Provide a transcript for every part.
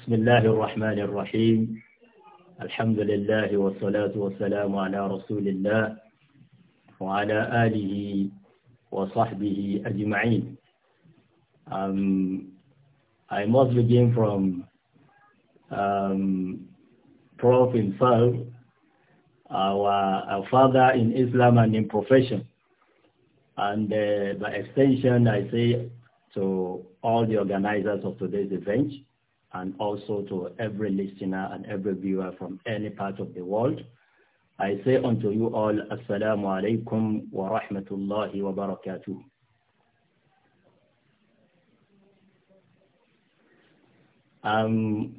بسم الله الرحمن الرحيم الحمد لله والصلاة والسلام على رسول الله وعلى آله وصحبه أجمعين um, I must begin from um, Prof himself, our, our father in Islam and in profession. And uh, by extension, I say to all the organizers of today's event, and also to every listener and every viewer from any part of the world. I say unto you all, Assalamu alaikum wa rahmatullahi wa barakatuh. Um,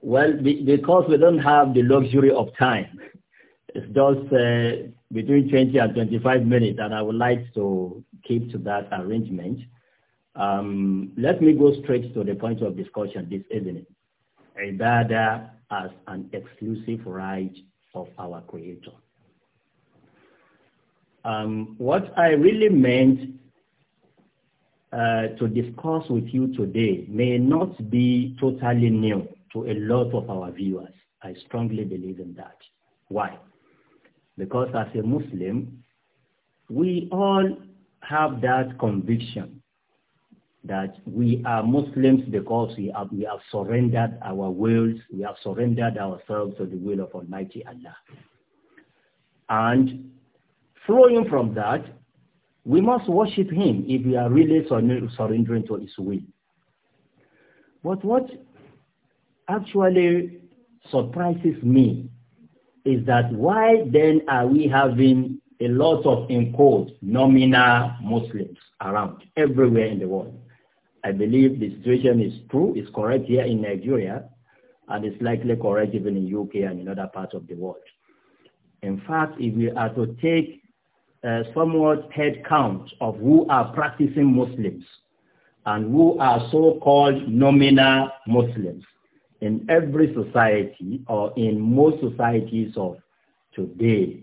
well, be, because we don't have the luxury of time, it's just uh, between 20 and 25 minutes, and I would like to keep to that arrangement. Um, let me go straight to the point of discussion this evening. Ibadah as an exclusive right of our Creator. Um, what I really meant uh, to discuss with you today may not be totally new to a lot of our viewers. I strongly believe in that. Why? Because as a Muslim, we all have that conviction that we are Muslims because we have, we have surrendered our wills, we have surrendered ourselves to the will of Almighty Allah. And flowing from that, we must worship Him if we are really surrendering to His will. But what actually surprises me is that why then are we having a lot of, in nominal Muslims around everywhere in the world? I believe the situation is true, is correct here in Nigeria, and it's likely correct even in UK and in other parts of the world. In fact, if we are to take a uh, somewhat head count of who are practicing Muslims and who are so-called nominal Muslims in every society or in most societies of today,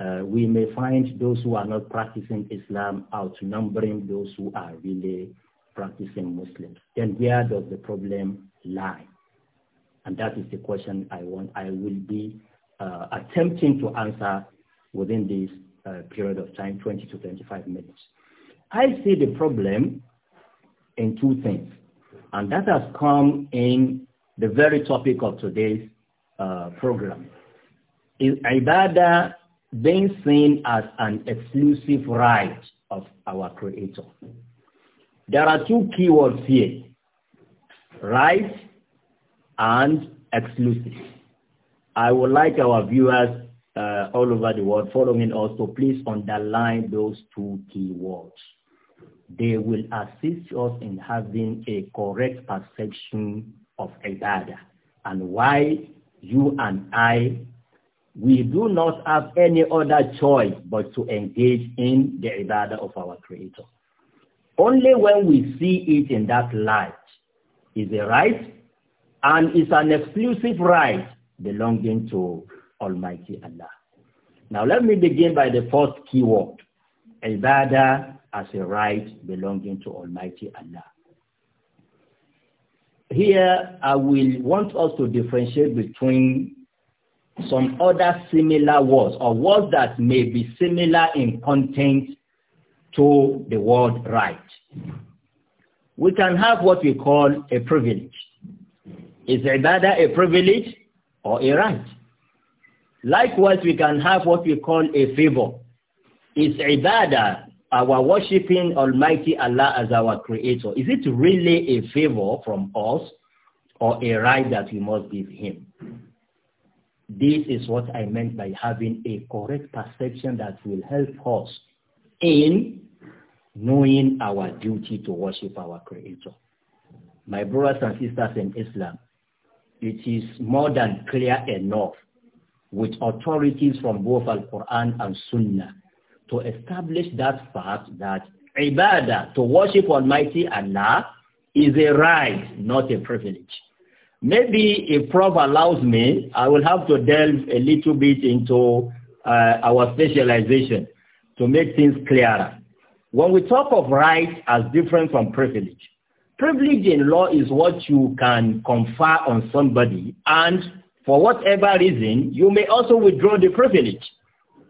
uh, we may find those who are not practicing Islam outnumbering those who are really practicing Muslims. Then where does the problem lie? And that is the question I want, I will be uh, attempting to answer within this uh, period of time, 20 to 25 minutes. I see the problem in two things, and that has come in the very topic of today's uh, program. Is Ibadah being seen as an exclusive right of our Creator? There are two keywords here, right and exclusive. I would like our viewers uh, all over the world following us to please underline those two keywords. They will assist us in having a correct perception of ibadah and why you and I, we do not have any other choice but to engage in the ibadah of our Creator. Only when we see it in that light is a right and is an exclusive right belonging to Almighty Allah. Now let me begin by the first keyword, Ibadah as a right belonging to Almighty Allah. Here I will want us to differentiate between some other similar words or words that may be similar in content to the word right. We can have what we call a privilege. Is ibadah a privilege or a right? Likewise, we can have what we call a favor. Is ibadah our worshiping Almighty Allah as our creator, is it really a favor from us or a right that we must give him? This is what I meant by having a correct perception that will help us in knowing our duty to worship our Creator. My brothers and sisters in Islam, it is more than clear enough with authorities from both Al-Quran and Sunnah to establish that fact that ibadah, to worship Almighty Allah, is a right, not a privilege. Maybe if Prof allows me, I will have to delve a little bit into uh, our specialization to make things clearer. When we talk of rights as different from privilege, privilege in law is what you can confer on somebody and for whatever reason, you may also withdraw the privilege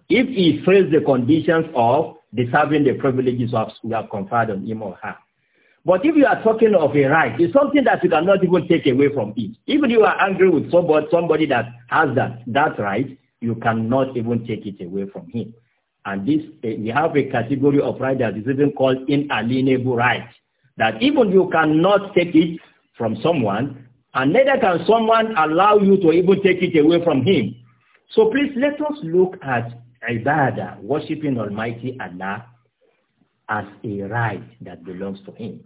if he fails the conditions of deserving the privileges we have conferred on him or her. But if you are talking of a right, it's something that you cannot even take away from it. Even if you are angry with somebody, somebody that has that, that right, you cannot even take it away from him. And this, eh, we have a category of right that is even called inalienable right. That even you cannot take it from someone, and neither can someone allow you to even take it away from him. So please let us look at ibadah, worshiping Almighty Allah, as a right that belongs to him.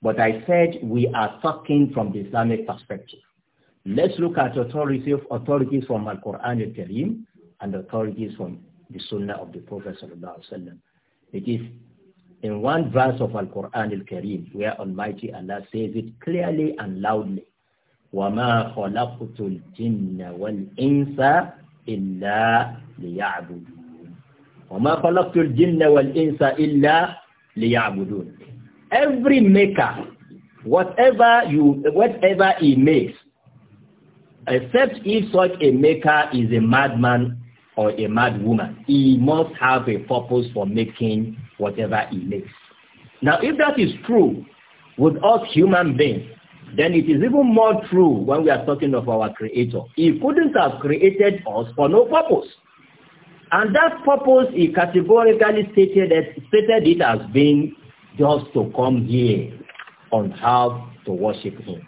But I said we are talking from the Islamic perspective. Let's look at authorities, authorities from Al-Quran al-Karim and authorities from the sunnah of the Prophet sallallahu It is in one verse of Al-Quran al-Karim where Almighty Allah says it clearly and loudly. وَمَا خَلَقْتُ الْجِنَّ وَالْإِنسَ إِلَّا لِيَعْبُدُونَ وَمَا خَلَقْتُ الْجِنَّ وَالْإِنسَ إِلَّا لِيَعْبُدُونَ Every maker, whatever you, whatever he makes, except if such a maker is a madman or a mad woman. He must have a purpose for making whatever he makes. Now, if that is true with us human beings, then it is even more true when we are talking of our Creator. He couldn't have created us for no purpose. And that purpose, he categorically stated, that, stated it as being just to come here on earth to worship him.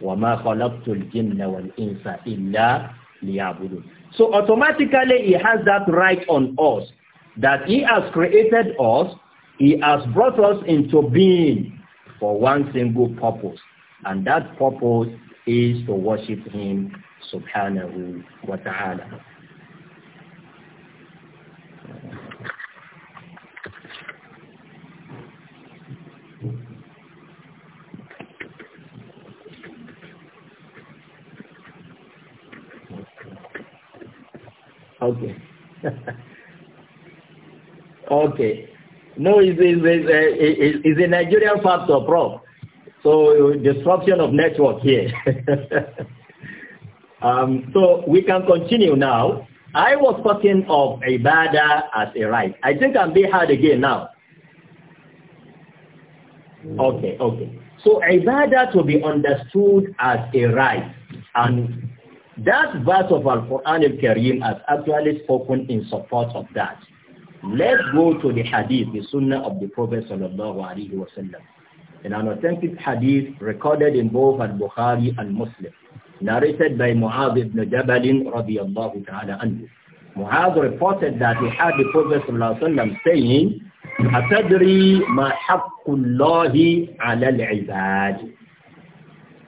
وَمَا خَلَقْتُ الْجِنَّ وَالْإِنسَ إِلَّا لِيَعْبُدُونَ So automatically he has that right on us that he has created us, he has brought us into being for one single purpose. And that purpose is to worship him subhanahu wa ta'ala. Okay. okay. No, it's, it's, it's, uh, it's a Nigerian factor, bro. So disruption of network here. um, so we can continue now. I was talking of Ibadah as a right. I think I'm being hard again now. Okay, okay. So Ibadah to be understood as a right and that verse of Al-Quran al-Karim has actually spoken in support of that. Let's go to the hadith, the sunnah of the Prophet sallallahu alaihi wasallam. an authentic hadith recorded in both Al-Bukhari and Muslim, narrated by Mu'adh ibn Jabal radiyallahu ta'ala anhu. Mu'adh reported that he had the Prophet sallallahu saying, أَتَدْرِي مَا حَقُّ اللَّهِ عَلَى الْعِبَادِ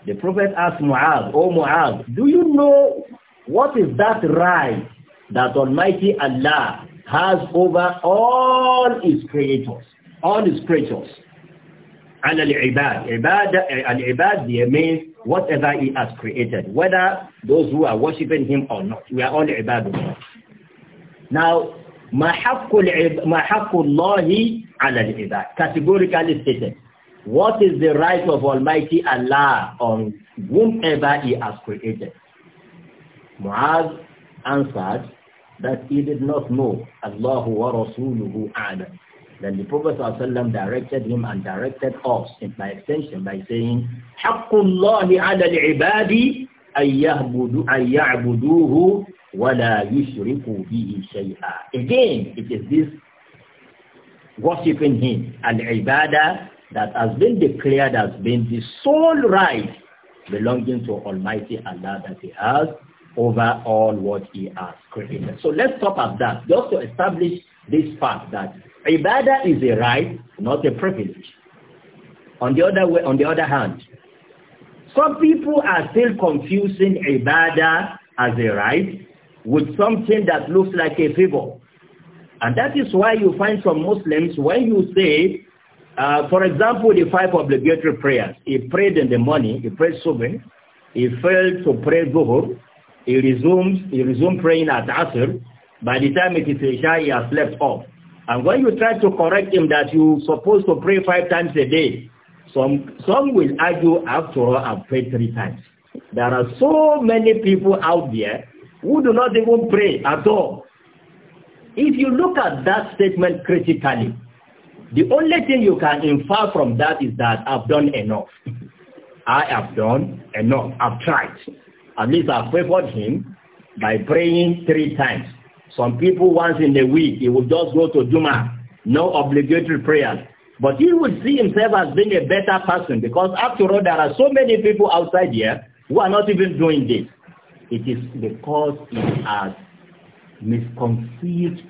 the Prophet asked Mu'adh, O Mu'adh, do you know what is that right that Almighty Allah has over all his creators, all his creatures? And al-ibad, al-ibad there means whatever he has created, whether those who are worshipping him or not. We are all ibad. Now, ma haqqu Allah ala al-ibad, categorically stated. What is the right of Almighty Allah on whomever he has created? Muaz answered that he did not know Allahu wa Rasuluhu a'lam. Then the Prophet ﷺ directed him and directed us in by extension by saying, حَقُّ اللَّهِ عَلَى الْعِبَادِ أَن يَعْبُدُوهُ وَلَا يُشْرِكُوا بِهِ شَيْئًا Again, it is this worshipping him, al-ibadah that has been declared as being the sole right belonging to Almighty Allah that he has over all what he has created. So let's stop at that, just to establish this fact that ibadah is a right, not a privilege. On the other way, on the other hand, some people are still confusing ibadah as a right with something that looks like a favor. And that is why you find some Muslims, when you say uh, for example, the five obligatory prayers. He prayed in the morning, he prayed Subh, he failed to pray Zuhur, he resumes, he resumed praying at Asr. By the time it is Isha, he has slept off. And when you try to correct him that you're supposed to pray five times a day, some, some will argue, after all, I've prayed three times. There are so many people out there who do not even pray at all. If you look at that statement critically, The only thing you can infer from that is that I've done enough. I have done enough. I've tried. At least I've favored him by praying three times. Some people once in a week, he will just go to Duma, no obligatory prayers. But he will see himself as being a better person because after all, there are so many people outside here who are not even doing this. It is because he has misconceived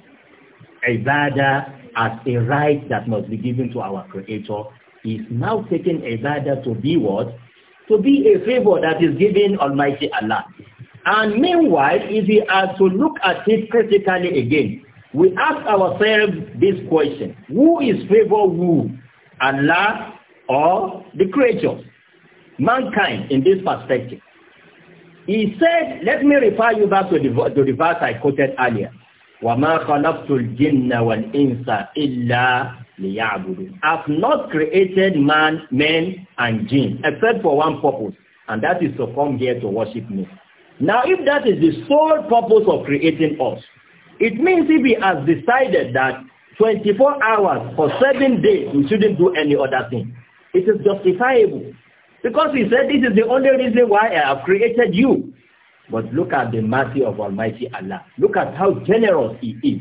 ibadah as a right that must be given to our Creator, is now taken ibadah to be what? To be a favor that is given Almighty Allah. And meanwhile, if we are to look at it critically again, we ask ourselves this question, who is favor who? Allah or the creatures? Mankind in this perspective. He said, let me refer you back to the, to the verse I quoted earlier wa ma khalaqtul jinna wal insa illa liya'budun. I've not created man, men and jinn except for one purpose and that is to come here to worship me. Now if that is the sole purpose of creating us, it means if he has decided that 24 hours for seven days we shouldn't do any other thing. It is justifiable because he said this is the only reason why I have created you. But look at the mercy of Almighty Allah. Look at how generous He is.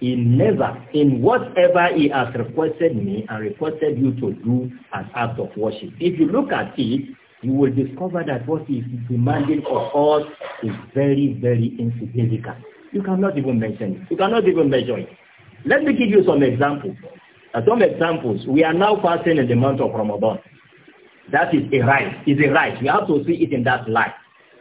He never, in whatever He has requested me and requested you to do as act of worship. If you look at it, you will discover that what He is demanding of us is very, very insignificant. You cannot even mention it. You cannot even measure it. Let me give you some examples. Uh, some examples. We are now fasting in the month of Ramadan. That is a right. It's a right. We have to see it in that light.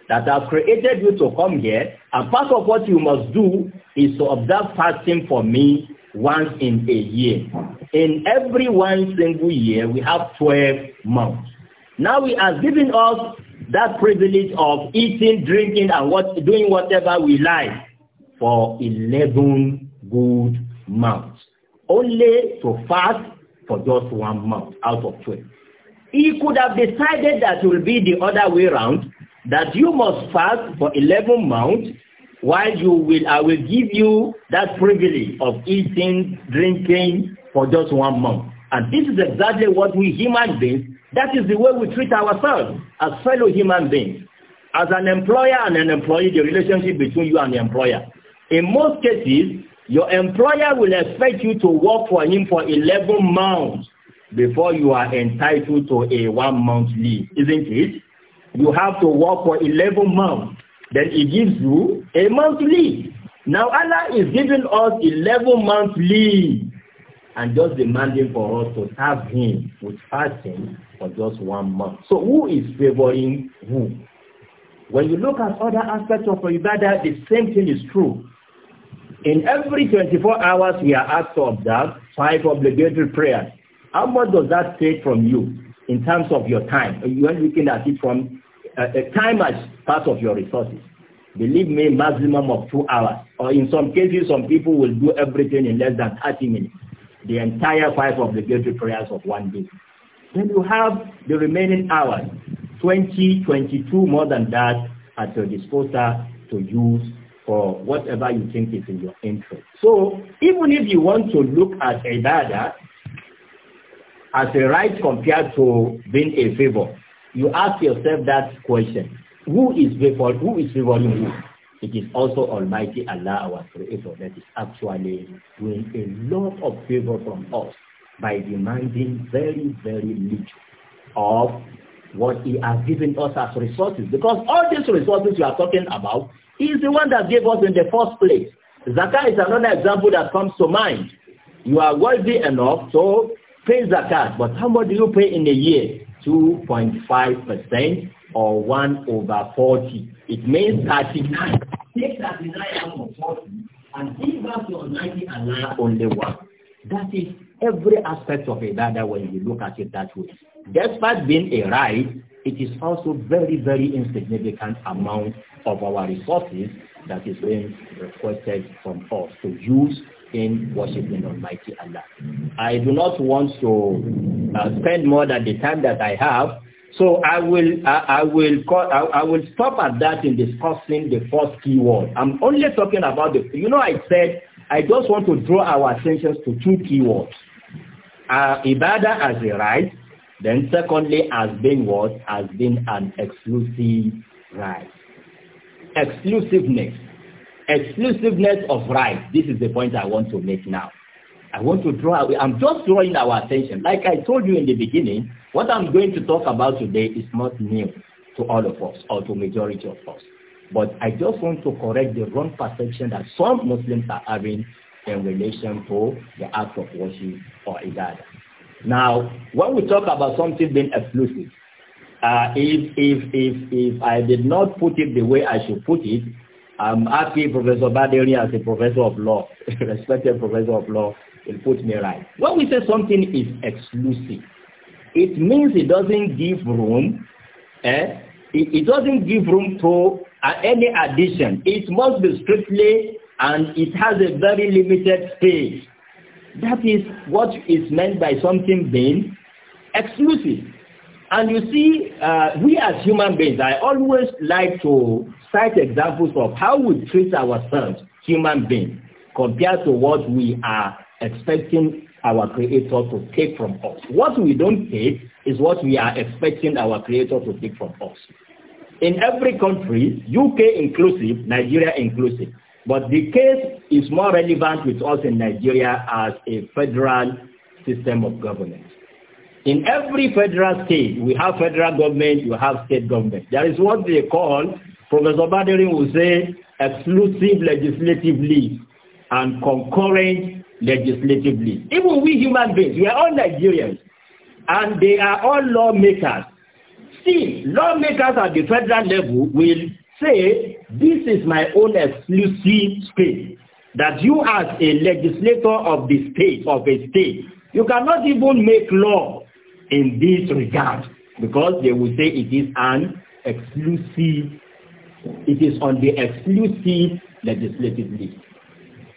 that have created you to come here, and part of what you must do is to observe fasting for me once in a year. In every one single year, we have 12 months. Now he has given us that privilege of eating, drinking, and what, doing whatever we like for 11 good months. Only to fast for just one month out of 12. He could have decided that it will be the other way around that you must fast for 11 months while you will, I will give you that privilege of eating, drinking for just one month. And this is exactly what we human beings, that is the way we treat ourselves as fellow human beings. As an employer and an employee, the relationship between you and the employer. In most cases, your employer will expect you to work for him for 11 months before you are entitled to a one-month leave, isn't it? you have to work for 11 months. Then he gives you a month leave. Now Allah is giving us 11 months leave and just demanding for us to serve him with fasting for just one month. So who is favoring who? When you look at other aspects of Ibadah, the same thing is true. In every 24 hours, we are asked to observe five obligatory prayers. How much does that take from you in terms of your time? You are looking at it from Uh, uh, time as part of your resources. Believe me, maximum of two hours. Or in some cases, some people will do everything in less than 30 minutes. The entire five obligatory prayers of one day. Then you have the remaining hours, 20, 22, more than that, at your disposal to use for whatever you think is in your interest. So even if you want to look at ibadah as a right compared to being a favor, you ask yourself that question. Who is favoring who? Is favoring who? It is also Almighty Allah, our Creator, that is actually doing a lot of favor from us by demanding very, very little of what He has given us as resources. Because all these resources you are talking about, He is the one that gave us in the first place. Zakat is another example that comes to mind. You are wealthy enough to pay zakat, but how much do you pay in a year? 2.5% or 1 over 40. It means 39. Take that 39 out of 40 and give back to Almighty Allah only one. That is every aspect of Ibadah when you look at it that way. Despite being a right, it is also very, very insignificant amount of our resources that is being requested from us to use in worshiping Almighty Allah. I do not want to uh, spend more than the time that I have, so I will I, I will call, I, I, will stop at that in discussing the first keyword. I'm only talking about the you know I said I just want to draw our attention to two keywords: words. Uh, Ibadah as a right, then secondly as being what? As being an exclusive right. Exclusiveness Exclusiveness of right. This is the point I want to make now. I want to draw, I'm just drawing our attention. Like I told you in the beginning, what I'm going to talk about today is not new to all of us or to majority of us. But I just want to correct the wrong perception that some Muslims are having in relation to the act of worship or ibadah. Now, when we talk about something being exclusive, uh, if, if, if, if I did not put it the way I should put it, I'm happy Professor Baderi as a professor of law, respected professor of law, will put me right. When we say something is exclusive, it means it doesn't give room, eh? it, it doesn't give room to uh, any addition. It must be strictly and it has a very limited space. That is what is meant by something being exclusive. And you see, uh, we as human beings, I always like to cite examples of how we treat ourselves, human beings, compared to what we are expecting our Creator to take from us. What we don't take is what we are expecting our Creator to take from us. In every country, UK inclusive, Nigeria inclusive, but the case is more relevant with us in Nigeria as a federal system of governance. In every federal state, we have federal government, you have state government. There is what they call Professor Badering will say exclusive legislatively and concurrent legislatively. Even we human beings, we are all Nigerians and they are all lawmakers. See, lawmakers at the federal level will say, this is my own exclusive space. That you as a legislator of the state, of a state, you cannot even make law in this regard because they will say it is an exclusive It is on the exclusive legislative list.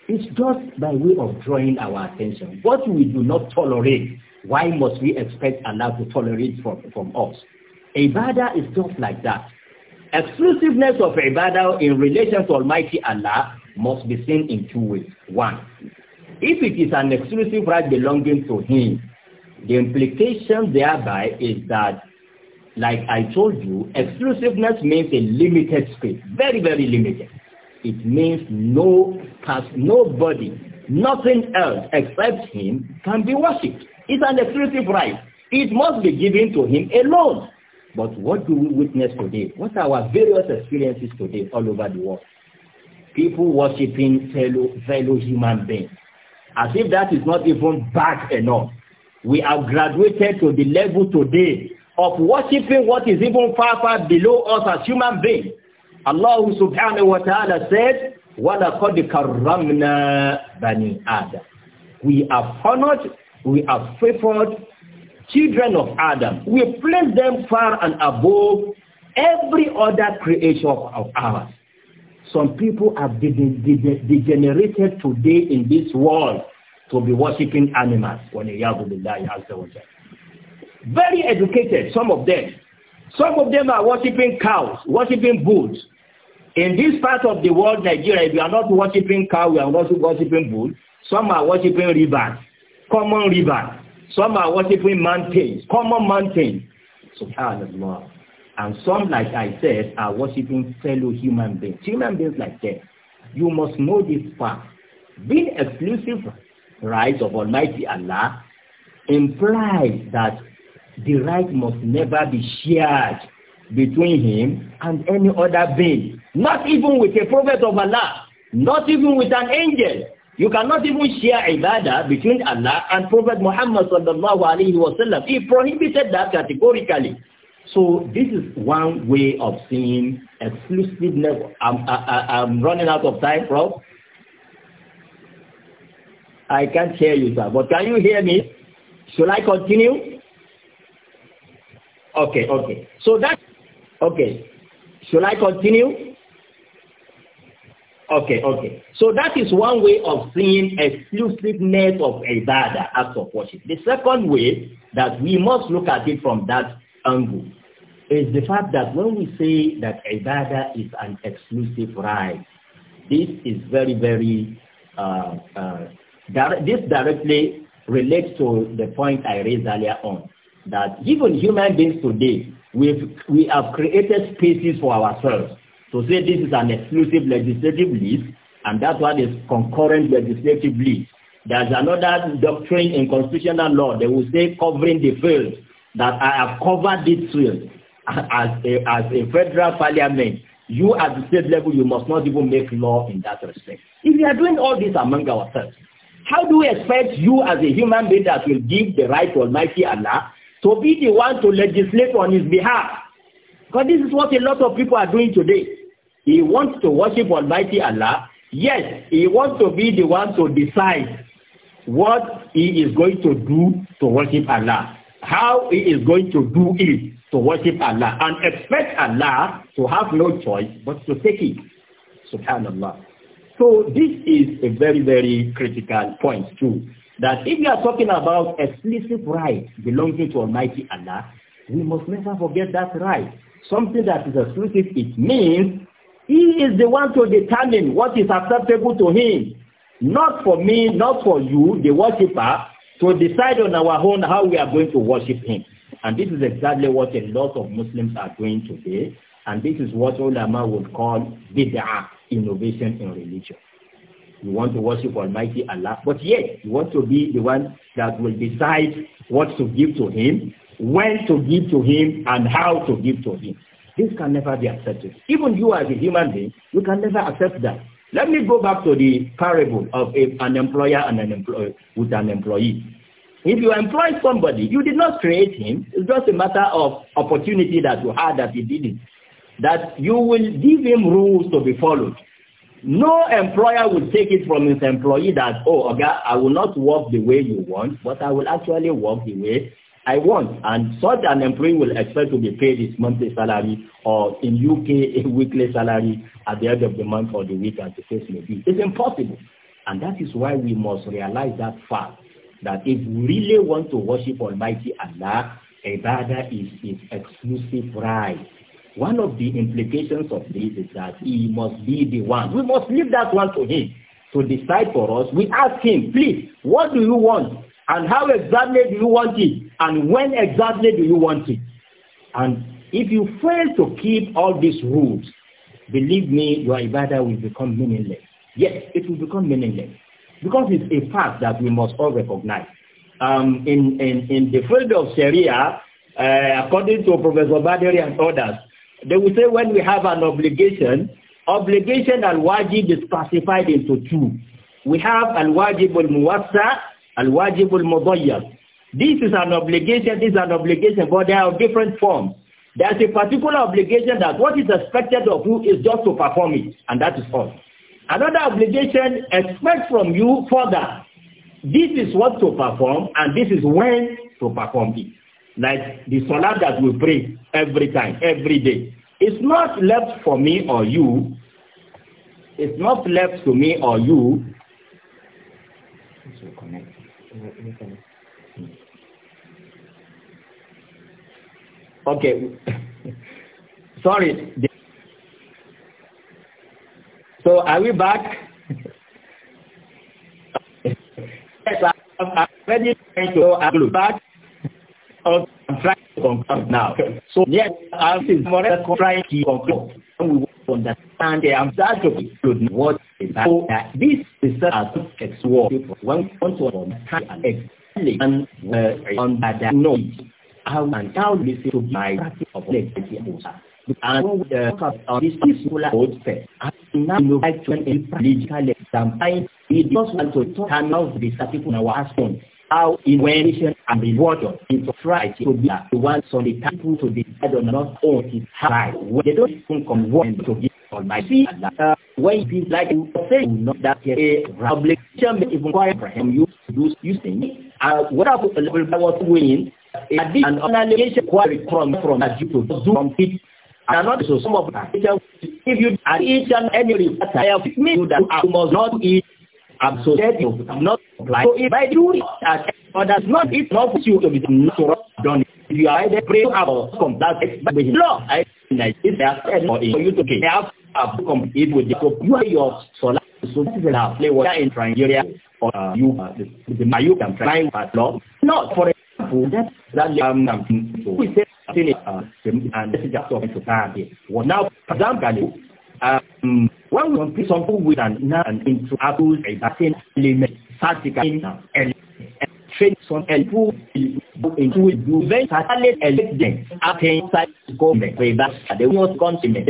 It's just by way of drawing our attention. What we do not tolerate, why must we expect Allah to tolerate from, from us? Ibadah is just like that. Exclusiveness of Ibadah in relation to Almighty Allah must be seen in two ways. One, if it is an exclusive right belonging to Him, the implication thereby is that Like I told you, exclusiveness means a limited space, very, very limited. It means no has nobody, nothing else except him can be worshipped. It's an exclusive right. It must be given to him alone. But what do we witness today? What are our various experiences today all over the world? People worshipping fellow, fellow human beings. As if that is not even bad enough. We have graduated to the level today of worshiping what is even far, far below us as human beings. Allah subhanahu wa ta'ala said, وَلَقَدْ كَرَّمْنَا بَنِي adam." We have honored, we have favored children of Adam. We place them far and above every other creation of ours. Some people have degenerated today in this world to be worshiping animals. وَلِيَّابُ بِاللَّهِ عَزَّ وَجَلَّ Very educated, some of them. Some of them are worshiping cows, worshiping bulls. In this part of the world, Nigeria, if you are not worshiping cow, you are also worshiping bull. Some are worshiping rivers, common rivers. Some are worshiping mountains, common mountains. Subhanallah. And some, like I said, are worshiping fellow human beings, human beings like them. You must know this fact. Being exclusive rights of Almighty Allah implies that the right must never be shared between him and any other being. Not even with a prophet of Allah. Not even with an angel. You cannot even share ibadah between Allah and Prophet Muhammad sallallahu alayhi wa sallam. He prohibited that categorically. So this is one way of seeing exclusiveness. I'm, I, am running out of time, bro. I can't hear you, sir. But can you hear me? Should I continue? Okay, okay. So that, okay. Shall I continue? Okay, okay. So that is one way of seeing exclusiveness of ibadah, as of worship. The second way that we must look at it from that angle is the fact that when we say that ibadah is an exclusive right, this is very, very, uh, uh, this directly relates to the point I raised earlier on that even human beings today, we've, we have created spaces for ourselves to so say this is an exclusive legislative list, and that's what is concurrent legislative list. There's another doctrine in constitutional law that will say covering the field, that I have covered this field as a, as a federal parliament. You at the state level, you must not even make law in that respect. If we are doing all this among ourselves, how do we expect you as a human being that will give the right to Almighty Allah to be the one to legislate on his behalf. Because this is what a lot of people are doing today. He wants to worship Almighty Allah. Yes, he wants to be the one to decide what he is going to do to worship Allah, how he is going to do it to worship Allah, and expect Allah to have no choice but to take it. Subhanallah. So this is a very, very critical point too that if we are talking about exclusive right belonging to Almighty Allah, we must never forget that right. Something that is exclusive, it means he is the one to determine what is acceptable to him. Not for me, not for you, the worshiper, to decide on our own how we are going to worship him. And this is exactly what a lot of Muslims are doing today. And this is what ulama would call bid'ah, innovation in religion. You want to worship Almighty Allah, but yet you want to be the one that will decide what to give to Him, when to give to Him, and how to give to Him. This can never be accepted. Even you as a human being, you can never accept that. Let me go back to the parable of a, an employer and an employee with an employee. If you employ somebody, you did not create him. It's just a matter of opportunity that you had that he did it. That you will give him rules to be followed. No employer will take it from his employee that, oh, okay, I will not work the way you want, but I will actually work the way I want. And such an employee will expect to be paid his monthly salary or in UK a weekly salary at the end of the month or the week as the case may be. It's impossible. And that is why we must realize that fact, that if we really want to worship Almighty Allah, Ibadah is his exclusive right One of the implications of this is that he must be the one. We must leave that one to him to decide for us. We ask him, please, what do you want? And how exactly do you want it? And when exactly do you want it? And if you fail to keep all these rules, believe me, your ibadah will become meaningless. Yes, it will become meaningless. Because it's a fact that we must all recognize. Um, in, in, in the field of Sharia, uh, according to Professor Baderi and others, They will say when we have an obligation, obligation al-wajib is classified into two. We have al-wajib al-muwassa, al-wajib al-mudayyab. This is an obligation, this is an obligation, but there are different forms. There is a particular obligation that what is expected of you is just to perform it, and that is all. Another obligation expects from you further. This is what to perform, and this is when to perform it like the salah that we pray every time, every day. It's not left for me or you. It's not left to me or you. Okay. Sorry. So are we back? yes, I'm ready to go back. I'm trying to conclude now. So yes, as is more trying to conclude, we understand the absurdity should what is that. So uh, this is a complex work. When we want to understand and explain uh, how and how uh, this is to my practice of and uh, on this particular old fair. Now you like to an political example. We just want to turn out the people in our husband how invention and reward into society to be the ones on the people to decide on not own his life. they don't think on what to give Almighty Allah. When it is like you say not that a public may even require Abraham you to do using uh, what I was winning a bit an annihilation query from from that you to do from it and not so some of that if you are each and any require me that I must not eat I'm so associated you not apply. So if I do it as others not it not you to be not done. If you are either pray or come that's it by the law. I it's there for you to get have to complete with the hope you are your solar so this is a play water in Nigeria or uh, you uh, the Mayu can try at law. Not for example that that um, um so we say uh, and this is just talking to time here. Well now for example um, when we compare something with an and into apples, a certain element, practical and train some people into do very certainly elegant outside government with that the most continent.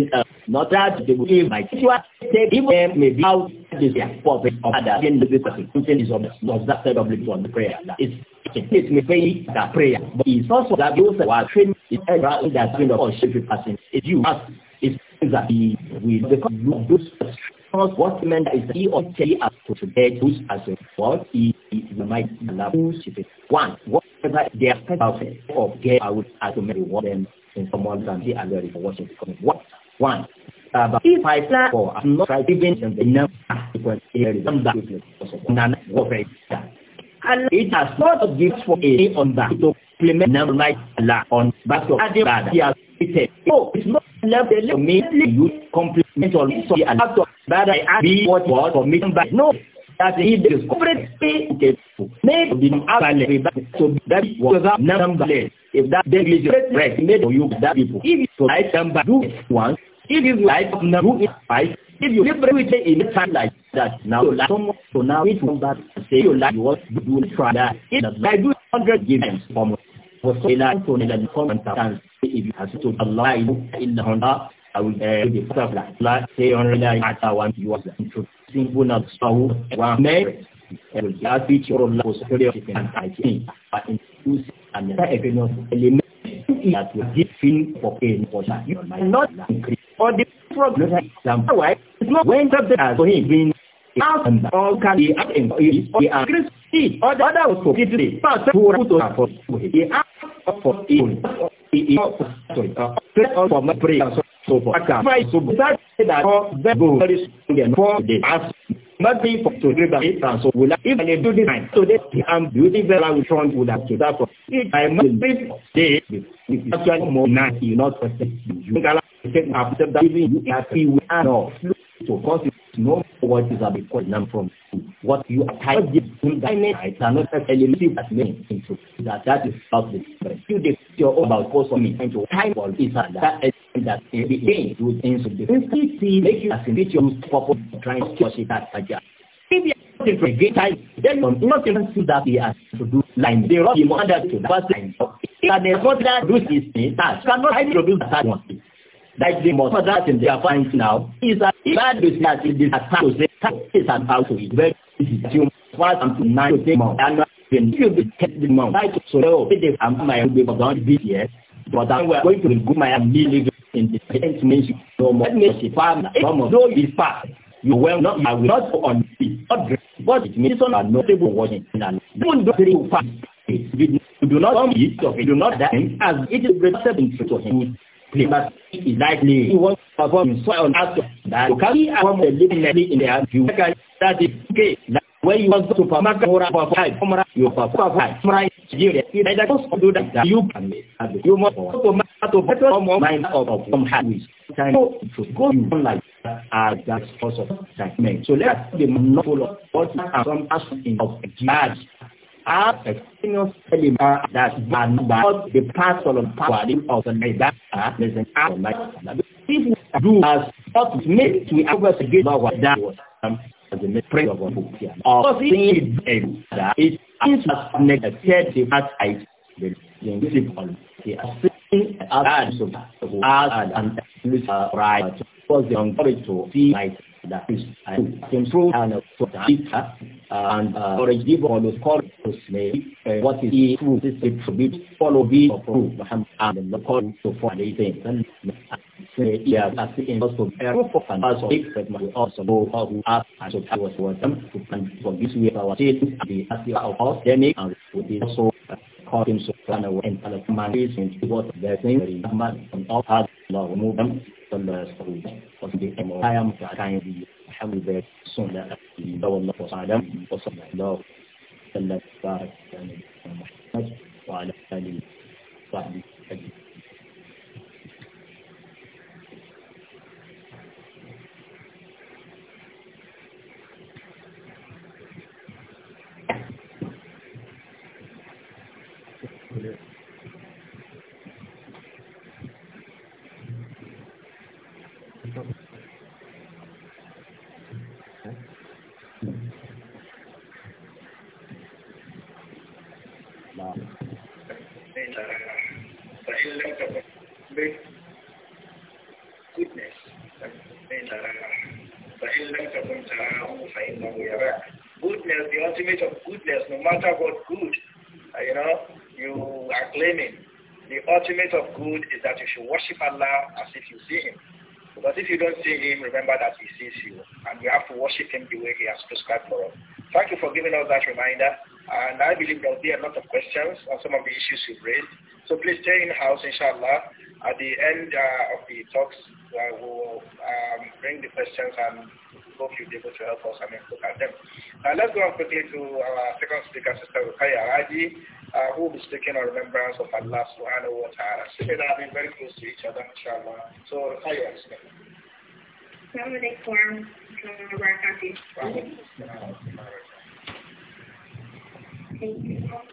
Not that they will give my teacher, they even may be out this year, purpose of other than the person is on the not that side of the on the prayer. It's it may pay the prayer, but it's also that those who are trained in that kind of worship person. It's you must is that we will use what meant is he or she as to today who's as a what he might love one whatever their perfect of get out as to maybe one them in someone can see and very for watching coming what one uh, but if I plan for I'm not trying even in the number because here is some that none of it and it has not given for a on that to implement number like on but to add that completed. No, it's not left the little you compliment or so the that I be what was for me no that he discovered made the avalanche so that was a if that right made you that people if you like number one if you like number five if you live with it in time like that now So like someone so now it's say you like to do try that I do hundred for me. wasu ila to ne da comment tan sai ibi asito Allah ilu illa honda I will uh, be part of that. Like, say on rely at one you was into simple not so one merit. It will your love superiority and IT, but inclusive and the evidence element that will give feel for pain for that. not increase. the problem is when the for him and all can know what is a before none from what you are tired of dining nights are not necessarily as many into that that is about the difference. You did your own about course for me and your time for is that and that every day you things to different see make you as in which you purpose trying to push it that such if you are not a great time then you not even see that he has to do line they rub him under to the first line. If that is what that do is that cannot introduce that one. that they must that in their finds now is that if that business is this attack to say tax is an out of it very easy to pass and to nine to ten months and uh, then you be ten the month like so no if they am my own baby don't be here but I'm going to go my million in the tenth means no more let me see farm no though it is far you will not I will not go on the other but it means on a notable warning and don't do very fast it do not come east of it do not die as it is represented to him Liberty is likely. He wants to perform himself on earth that you carry out the living lightly in the earth. You make that is okay. That when you want to perform a Umrah for five, Umrah, you perform five, Umrah in Nigeria. It is just to do that you can make. You must go to perform mind of some habits. Time to go in life as that source of time. So let them not follow what are some aspects of jihad. are continuously that by the person of power of the Nibaha is an outline. If we do as what is made to investigate that was um, as a prayer of a book here. Of things that it is as negative as I the principle here. Seeing as an right because the encouraged to see myself that is improve uh, and uh, and encourage people on the call to slay what is he through this attribute follow be approved and the call uh, to for the and say yeah that's the end also error for and also expect my also know how to ask and so that was what them to plan for this way our state the as of us then and would be also uh, call him so plan away and other is in what they thing very much and all has love move them from the school وفي آية متعتين الحمد لله وصلى الله وسلم على محمد وعلى آله وصحبه أجمعين Goodness, goodness then فإن لم تكن تراه فإنه يراك goodness the ultimate of goodness no matter what good you know you are claiming the ultimate of good is that you should worship Allah as if you see him because if you don't see him, remember that he sees you. And we have to worship him the way he has prescribed for us. Thank you for giving us that reminder. And I believe there will be a lot of questions on some of the issues you've raised. So please stay in house, inshallah. At the end uh, of the talks, uh, we will um, bring the questions and hope you'll be able to help us and look at them. Uh, let's go on quickly to our second speaker, Sister Rukaya Raji, uh, who will be speaking on remembrance of Allah subhanahu wa ta'ala. So they have been very close to each other, inshallah. So Rukaya, Thank you.